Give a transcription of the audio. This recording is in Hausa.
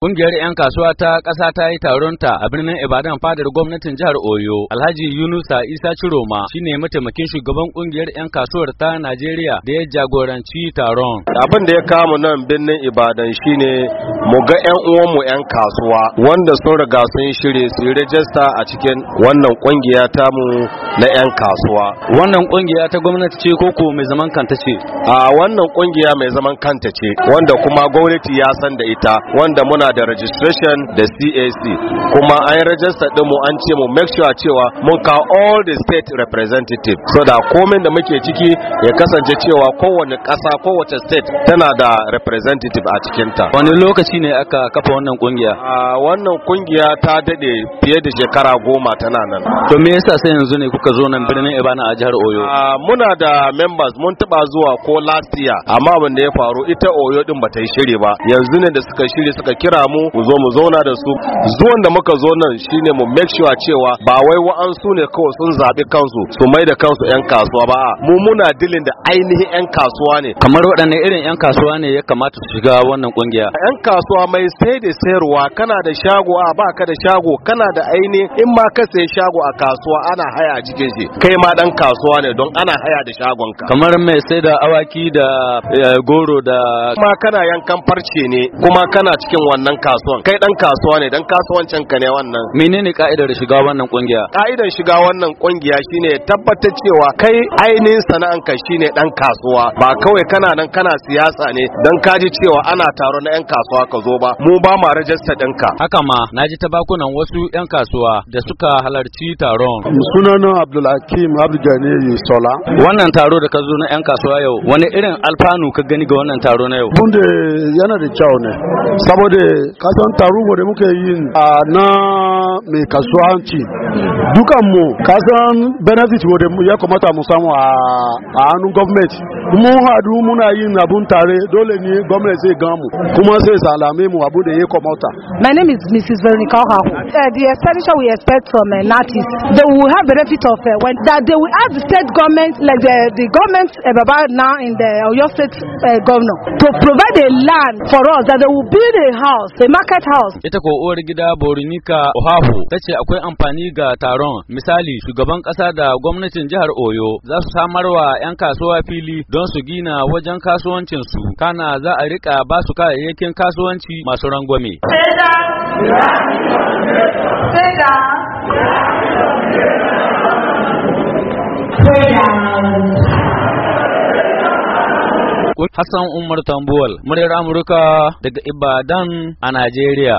Ƙungiyar 'yan kasuwa ta ƙasa ta yi taronta a birnin Ibadan fadar gwamnatin jihar Oyo. Alhaji Yunusa Isa Ciroma shi ne mataimakin shugaban ƙungiyar 'yan kasuwar ta Najeriya da ya jagoranci taron. Abin da ya kama nan birnin Ibadan shi ne mu ga 'yan uwanmu 'yan kasuwa wanda sun riga sun shirye su yi rajista a cikin wannan ta mu na 'yan kasuwa. Wannan ƙungiya ta gwamnati ce koko mai zaman kanta ce? A wannan ƙungiya mai zaman kanta ce wanda kuma gwamnati ya san da ita wanda muna da registration da CAC kuma an yi register din mu an ce mu make sure cewa mun ka all the state representative so da komai da muke ciki ya kasance cewa kowane kasa kowace state tana da representative a cikin ta. wani lokaci ne aka kafa wannan kungiya a wannan kungiya ta dade fiye da shekara goma tana nan to me yasa sai yanzu ne kuka zo nan birnin Ibana a jihar Oyo muna da members mun taba zuwa ko last year amma abin da ya faru ita Oyo din bata yi shiri ba yanzu ne da suka shiri suka kira samu mu zo mu zauna da su zuwan da muka zo nan shine mu make sure cewa ba wai wa'ansu ne kawai sun zaɓi kansu su mai da kansu 'yan kasuwa ba mu muna dilin da ainihin 'yan kasuwa ne kamar waɗanne irin 'yan kasuwa ne ya kamata su shiga wannan kungiya 'yan kasuwa mai sai da sayarwa kana da shago a ba ka da shago kana da ainihin in ma ka sayi shago a kasuwa ana haya a cikin shi kai ma dan kasuwa ne don ana haya da shagon ka kamar mai sai da awaki da eh, goro da kuma kana yankan farce ne kuma kana cikin wannan wannan kasuwan kai dan kasuwa ne dan kasuwancin ka ne wannan menene ka'idar shiga wannan kungiya ka'idar shiga wannan kungiya shine tabbatar cewa kai ainihin sana'an ka shine dan kasuwa ba kawai kana nan kana siyasa ne dan kaji cewa ana taro na yan kasuwa ka zo ba mu ba ma rajista ka. haka ma naji ta bakunan wasu yan kasuwa da suka halarci taron sunana abdulhakim abdulgani sola wannan taro da ka zo na yan kasuwa yau wani irin alfanu ka gani ga wannan taro na yau tunda yana da kyau ne saboda kasan taro da muke yin a ah, na mai kasuwanci dukan mu kasan benefit wadda ya kamata mu samu a hannun gwamnati mun haɗu muna yin abun tare dole ne gwamnati zai gamu kuma sai salame mu abu da ya kamata my name is mrs veronica ohahu uh, the expenditure we expect from uh, natis they will have benefit of uh, when that they will have the state government like the, the government uh, about now in the oyo state uh, governor to provide a land for us that they will build a house a market house ita ko uwar gida borinika ohahu ta ce akwai amfani ga taron misali shugaban ƙasa da gwamnatin jihar Oyo za su wa 'yan kasuwa fili don su gina wajen kasuwancin su kana za a rika ba su kayayyakin kasuwanci masu rangwame. Hassan Umar Tambuwal, muryar Amurka daga Ibadan a Najeriya.